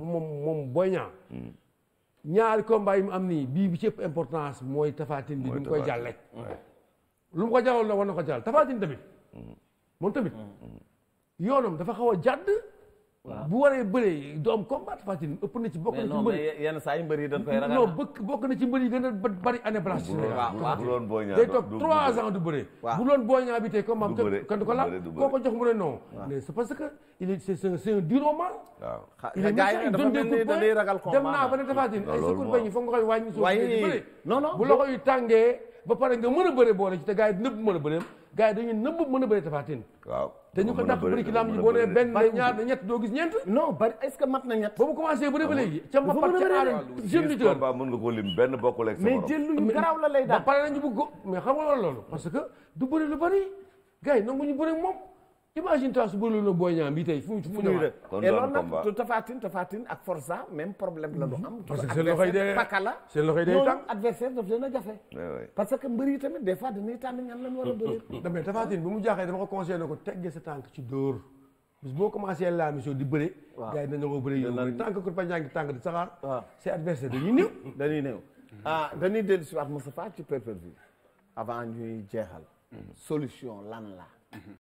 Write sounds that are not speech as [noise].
moom moom Boy Niang ñaari combat yi mu am nii bii bi ci importance mooy tafaatin bi mu koy jàlle lu mu ko jàllal la war na ko jàll tafaatin tamit mm-hmm. moom tamit mm-hmm. yoonam dafa xaw a jàdd bu waree bëree du am combat Tapha Tine ëpp na ci bokk a bari année blanche bu loon booy ñaa day toog trois ans du bëree bu loon booy ñaa bi tey comme maam kan ko ko jox mu ne non mais c'est parce que il est c'est un dur au mal il est dem naa ba ne Tapha Tine ay seconde bañ yi foog nga koy wàññi suuf bu loxo yu tàngee ba pare nga mën a bëre boole ci te gars yi nëbb mën a bëreem gars yi dañuy nëbb mën a bëre tafaatin waaw ko dàq bëri ci lamb ji boo nee doo gis ñeent non bari est-ce que mat na ñett ba mu commencé bëre ba léegi ca mbapat ca aar jeune lutteur mën ba pare nañu bëgg ko mais xam nga loolu parce que du bëri lu bari gars yi nangu ñu bëre moom imagine toi su bëri na Boy Niang bi tey fu fu ñëwaat. kon loolu nag Tafatine Tafatine ak Forza même problème la du mhm. am. parce que seen loxoy dee paka la seen loxoy dee tànk adversaire daf leen a jafe. parce dañuy tànn ñan lañ war a bëri. damay [laughs] bu mu jaaxee dama ko conseillé na ko teggee sa tànk ci dóor. bis boo commencé la mission di bëre. waaw gars yi dañoo ko bëre yow. tant que Kourpa ñaa ngi tànk di saxaar. waaw ses adversaires dañuy néew. [laughs] dañuy néew ah dañuy dellu si waat ci pay per avant ñuy jeexal. Mhm. solution lan la mhm.